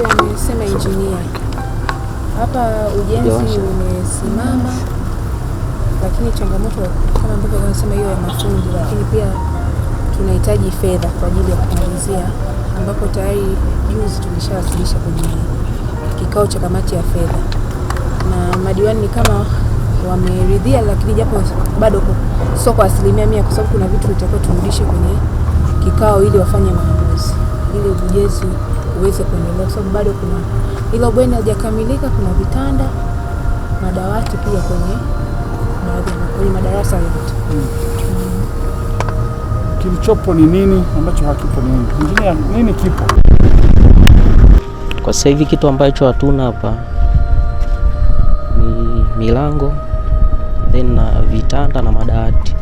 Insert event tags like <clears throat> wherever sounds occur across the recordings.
ambavyo amesema injinia, hapa ujenzi umesimama, lakini changamoto kama ambavyo anasema hiyo ya mafundi, lakini pia tunahitaji fedha kwa ajili ya kumalizia, ambapo tayari juzi tulishawasilisha kwenye kikao cha kamati ya fedha na madiwani ni kama wameridhia, lakini japo bado sio kwa asilimia mia, kwa sababu kuna vitu vitakuwa turudishe kwenye kikao ili wafanye maamuzi ili ujenzi uweze kuendelea, kwa sababu bado kuna ilo bweni halijakamilika. Kuna vitanda, madawati pia kwenye kwenye madarasa yote hmm. Kilichopo ni nini ambacho hakipo ni nini, ingine nini kipo kwa sasa hivi? Kitu ambacho hatuna hapa ni milango then na vitanda na madawati.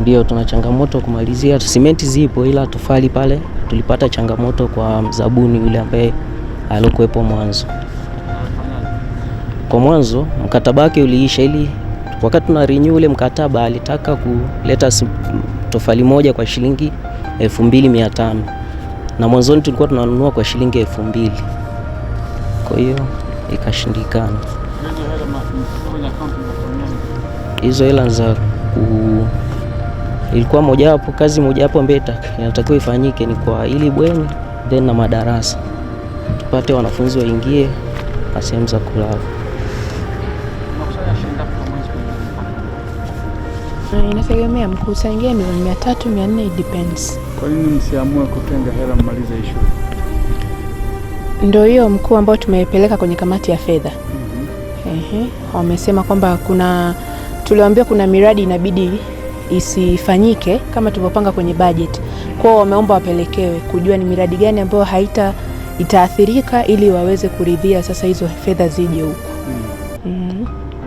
Ndio, tuna changamoto kumalizia. Simenti zipo, ila tofali pale tulipata changamoto kwa mzabuni yule ambaye alikuwepo mwanzo. Kwa mwanzo mkataba wake uliisha, ili wakati tuna renew ule mkataba alitaka kuleta tofali moja kwa shilingi 2500 na mwanzoni tulikuwa tunanunua kwa shilingi 2000 Kwa hiyo ikashindikana hizo hela za ku ilikuwa mojawapo kazi mojawapo ambayo inatakiwa ifanyike ni kwa ili bweni then na madarasa, tupate wanafunzi waingie na sehemu za kulala. Eh, inategemea mkusangia milioni mia tatu mia nne it depends. Kwa nini msiamue kutenga hela mmalize hii shule? Ndio hiyo mkuu ambao tumepeleka kwenye kamati ya fedha mm -hmm. Ehe, wamesema kwamba kuna tuliwaambia kuna miradi inabidi isifanyike kama tulivyopanga kwenye budget. Kwao wameomba wapelekewe kujua ni miradi gani ambayo haita itaathirika ili waweze kuridhia sasa hizo fedha zije huko. Mm. Mm.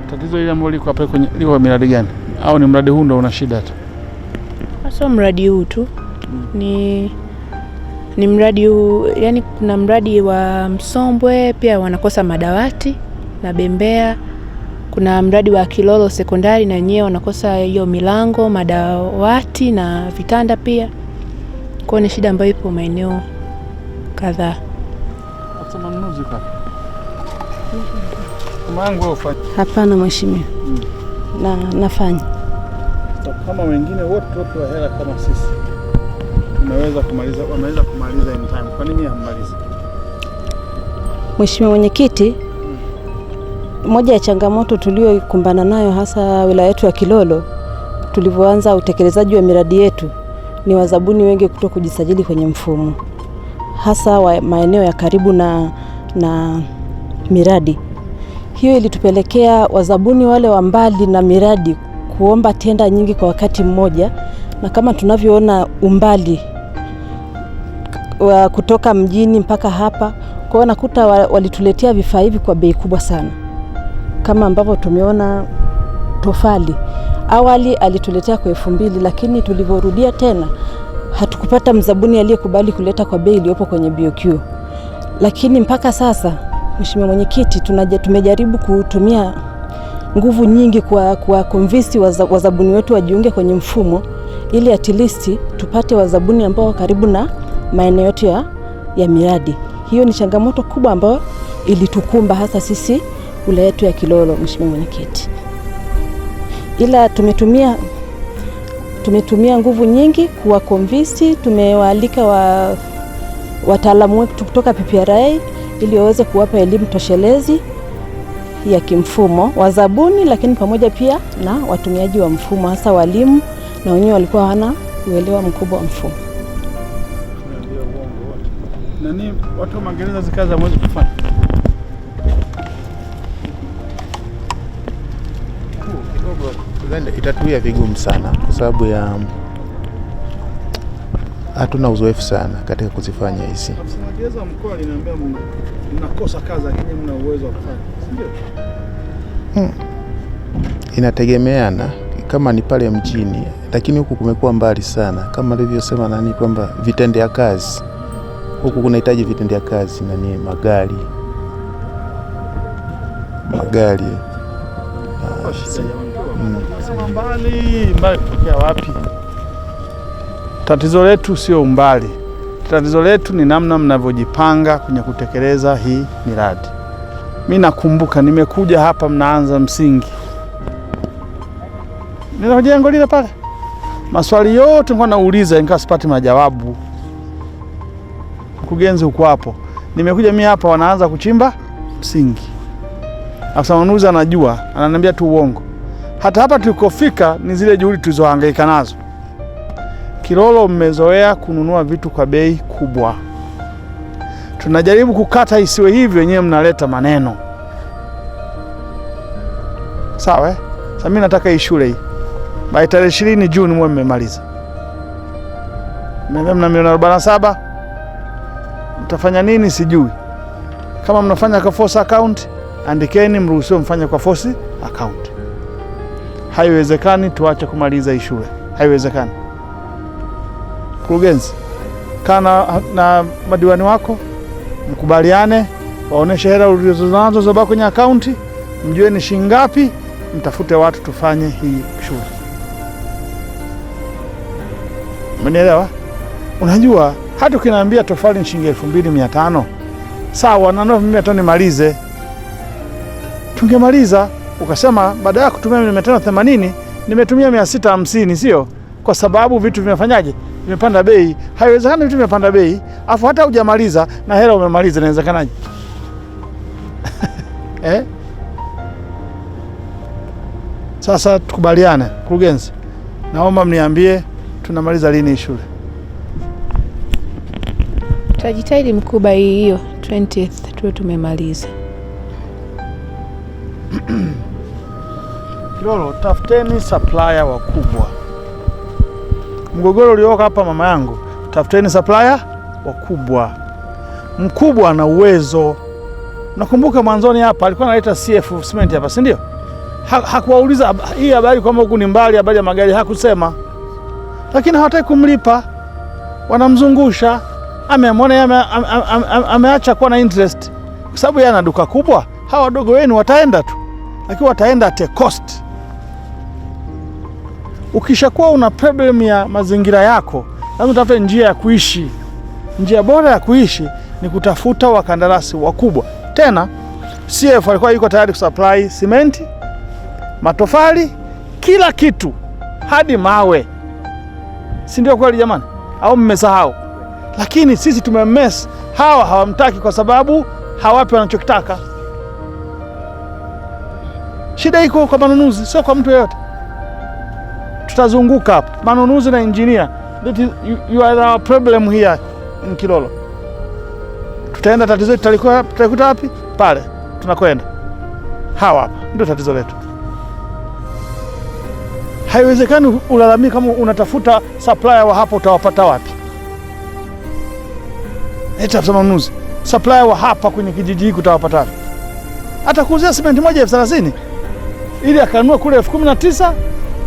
Tatizo ile ambalo liko hapa kwenye liko miradi gani? Au ni mradi huu ndio una shida tu? Sio mradi huu tu. Mm. Ni ni mradi huu, yani kuna mradi wa Msombwe pia wanakosa madawati na Bembea kuna mradi wa Kilolo sekondari na nyewe wanakosa hiyo milango, madawati na vitanda pia. Kwa ni shida ambayo ipo maeneo kadhaa. Hapana mheshimiwa, hmm. Na nafanya kama wengine wote wote wa hela kama sisi tumeweza kumaliza, wameweza kumaliza in time. Kwa nini hammalizi? Mheshimiwa mwenyekiti, moja ya changamoto tuliyokumbana nayo hasa wilaya yetu ya Kilolo tulivyoanza utekelezaji wa miradi yetu ni wazabuni wengi kuto kujisajili kwenye mfumo, hasa wa maeneo ya karibu na, na miradi hiyo. Ilitupelekea wazabuni wale wa mbali na miradi kuomba tenda nyingi kwa wakati mmoja, na kama tunavyoona umbali wa kutoka mjini mpaka hapa kwao, nakuta walituletea vifaa hivi kwa bei kubwa sana kama ambavyo tumeona tofali awali alituletea kwa elfu mbili lakini tulivyorudia tena hatukupata mzabuni aliyekubali kuleta kwa bei iliyopo kwenye BOQ. Lakini mpaka sasa, Mheshimiwa Mwenyekiti, tumejaribu kutumia nguvu nyingi kwa, kwa konvinsi wazabuni wetu wajiunge kwenye mfumo ili at least tupate wazabuni ambao karibu na maeneo yetu ya, ya miradi. Hiyo ni changamoto kubwa ambayo ilitukumba hasa sisi wilaya yetu ya Kilolo, Mheshimiwa Mwenyekiti, ila tumetumia tumetumia nguvu nyingi kuwa konvinsi. Tumewaalika wa, wataalamu wetu kutoka PPRA ili waweze kuwapa elimu toshelezi ya kimfumo wa zabuni, lakini pamoja pia na watumiaji wa mfumo, hasa walimu na wenyewe walikuwa hawana uelewa mkubwa wa mfumo. Nani watu wa magereza zikaza mwezi kufanya itatuia vigumu sana kwa sababu ya mm, hatuna uzoefu sana katika kuzifanya hizi. Hmm. Inategemeana kama ni pale mjini, lakini huku kumekuwa mbali sana, kama alivyosema nani kwamba vitendea kazi huku kunahitaji vitendea kazi nani, magari magari Ah, Kasema mbali mbali, kutokea wapi? Tatizo letu sio umbali, tatizo letu ni namna mnavyojipanga kwenye kutekeleza hii miradi. Mi nakumbuka nimekuja hapa, mnaanza msingi, nina jengo lile pale, maswali yote nilikuwa nauliza ingawa sipati majawabu. Mkurugenzi huko hapo, nimekuja mi hapa, wanaanza kuchimba msingi, afisa manunuzi anajua, ananiambia tu uongo hata hapa tulikofika ni zile juhudi tulizohangaika nazo. Kilolo, mmezoea kununua vitu kwa bei kubwa, tunajaribu kukata isiwe hivyo, wenyewe mnaleta maneno. Sawa eh? Sasa mimi nataka hii shule hii bai tarehe ishirini Juni mwe mmemaliza, mna milioni arobaini na saba mtafanya nini sijui. Kama mnafanya kwa force account, andikeni, mruhusiwe mfanye kwa force account haiwezekani tuache kumaliza hii shule, haiwezekani. Mkurugenzi, kaa na madiwani wako mkubaliane, waoneshe hela ulizonazo zobaa kwenye akaunti, mjue ni shilingi ngapi, mtafute watu tufanye hii shule. Umenielewa? Unajua, hata ukiniambia tofali ni shilingi elfu mbili mia tano sawa, na mimi mbili tano nimalize, tungemaliza ukasema baada ya kutumia mia tano themanini nimetumia mia sita hamsini sio? Kwa sababu vitu vimefanyaje? Vimepanda bei. Haiwezekani vitu vimepanda bei afu hata hujamaliza na hela umemaliza, inawezekanaje? <laughs> Eh? Sasa tukubaliane, mkurugenzi, naomba mniambie tunamaliza lini shule? Tutajitahidi mkuu, by hiyo 20th tuwe tumemaliza. <clears throat> Kilolo, tafuteni supplier wakubwa. Mgogoro ulioka hapa mama yangu, tafuteni supplier wakubwa. Mkubwa ana uwezo. Nakumbuka mwanzoni hapa alikuwa analeta CF Cement hapa, si ndio? Ha, hakuwauliza hii habari kwamba huku ni mbali, habari ya magari hakusema, lakini hawataki kumlipa, wanamzungusha. Ameamwona yeye ameacha ame, ame, ame kuwa na interest, kwa sababu yeye ana duka kubwa. Hawa wadogo wenu wataenda tu lakini wataenda at a cost. Ukishakuwa una problem ya mazingira yako, lazima utafute njia ya kuishi. Njia bora ya kuishi ni kutafuta wakandarasi wakubwa. Tena CF alikuwa yuko tayari kusupply simenti, matofali, kila kitu hadi mawe, si ndio kweli jamani? Au mmesahau? Lakini sisi tumemess. Hawa hawamtaki kwa sababu hawapi wanachokitaka. Shida iko kwa manunuzi, sio kwa mtu yeyote. Tutazunguka hapo manunuzi na injinia, that is, you, you are our problem here in Kilolo. Tutaenda tatizo letu tutakuta wapi? Pale tunakwenda hawa hapa, ndio tatizo letu. Haiwezekani ulalamika kama unatafuta supplier wa hapa, utawapata wapi? Etafuta manunuzi, supplier wa hapa kwenye kijiji hiki utawapata wapi? Atakuuzia simenti moja elfu thelathini ili akanunua kule elfu kumi na tisa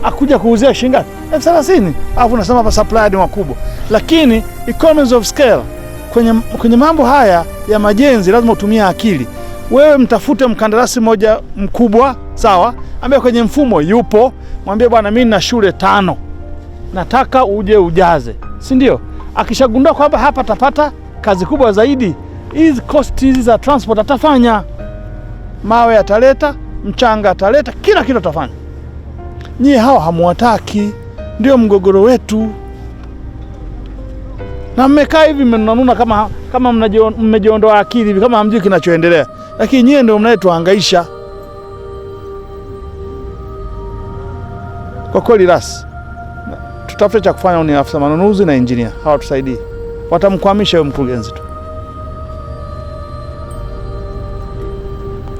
akuja kuuzia shilingi ngapi? elfu thelathini Alafu unasema hapa supply ni wakubwa, lakini economies of scale kwenye, kwenye mambo haya ya majenzi lazima utumie akili. Wewe mtafute mkandarasi mmoja mkubwa, sawa, ambaye kwenye mfumo yupo, mwambie bwana, mimi na shule tano nataka uje ujaze, si ndio? Akishagundua kwamba hapa atapata kazi kubwa zaidi, hizi cost hizi za transport atafanya, mawe ataleta mchanga ataleta kila kitu atafanya. Nyie hawa hamuwataki, ndio mgogoro wetu. Na mmekaa hivi mmenunanuna kama, kama mmejiondoa akili hivi kama hamjui kinachoendelea, lakini nyie ndio mnayetuhangaisha kwa kweli. Rasi tutafute cha kufanya, ni afisa manunuzi na injinia hawatusaidii, watamkwamisha huyo mkurugenzi tu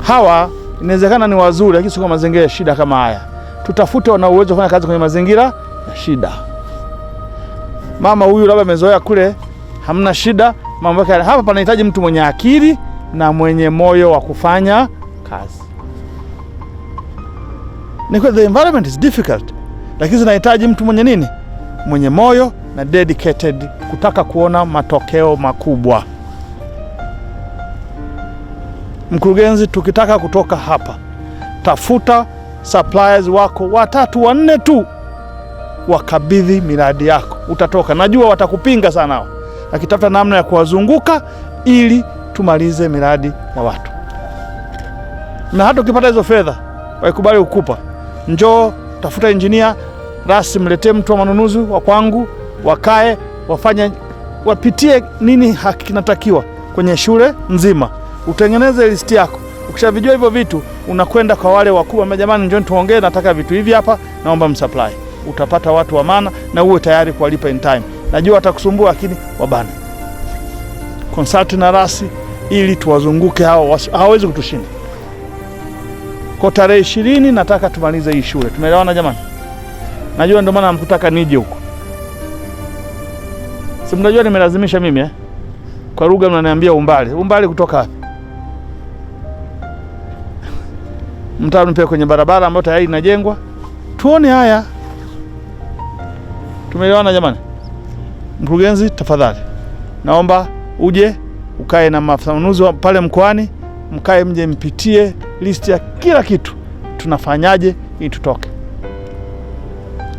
hawa inawezekana ni wazuri, lakini sio kwa mazingira ya shida kama haya. Tutafute wana uwezo kufanya kazi kwenye mazingira ya shida. Mama huyu labda amezoea kule hamna shida, mambo yake hapa. Panahitaji mtu mwenye akili na mwenye moyo wa kufanya kazi. Ni kwa the environment is difficult, lakini zinahitaji mtu mwenye nini, mwenye moyo na dedicated, kutaka kuona matokeo makubwa. Mkurugenzi, tukitaka kutoka hapa, tafuta suppliers wako watatu wanne tu, wakabidhi miradi yako, utatoka. Najua watakupinga sana hao, akitafuta namna ya kuwazunguka ili tumalize miradi ya watu. Na hata ukipata hizo fedha waikubali kukupa, njoo tafuta injinia rasmi, mletee mtu wa manunuzi wa kwangu, wakae wafanye, wapitie nini hakinatakiwa kwenye shule nzima utengeneze listi yako. Ukishavijua hivyo vitu, unakwenda kwa wale wakubwa, ama jamani, njoni tuongee, nataka vitu hivi hapa, naomba msupply. Utapata watu wa maana na uwe tayari kuwalipa in time. Najua watakusumbua, lakini wabane consult na rasi ili tuwazunguke hao, hawawezi kutushinda. Kwa tarehe ishirini nataka tumalize hii shule, tumeelewana jamani? Najua ndio maana mkutaka nije huko, si mnajua nimelazimisha mimi eh? Kwa lugha mnaniambia umbali, umbali kutoka wapi? mtaro pia kwenye barabara ambayo tayari inajengwa. Tuone haya. Tumeelewana jamani? Mkurugenzi, tafadhali naomba uje ukae na maafisa pale mkoani, mkae mje mpitie listi ya kila kitu, tunafanyaje ili tutoke.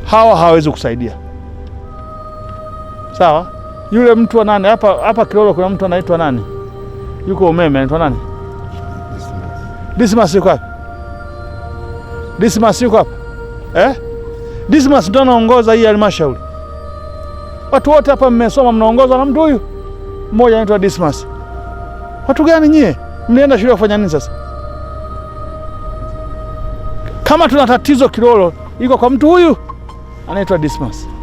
Hawa hawawezi kusaidia. Sawa, yule mtu wa nani hapa hapa Kilolo, kuna mtu anaitwa nani, yuko umeme, anaitwa nani? Dismas yuko wapi? Dismas yuko hapa eh? Dismas ndo anaongoza hii halmashauri. Watu wote hapa mmesoma, mnaongozwa na mtu huyu mmoja anaitwa Dismas. Watu gani nyie? Mlienda shule kufanya nini? Sasa kama tuna tatizo Kilolo, iko kwa mtu huyu anaitwa Dismas.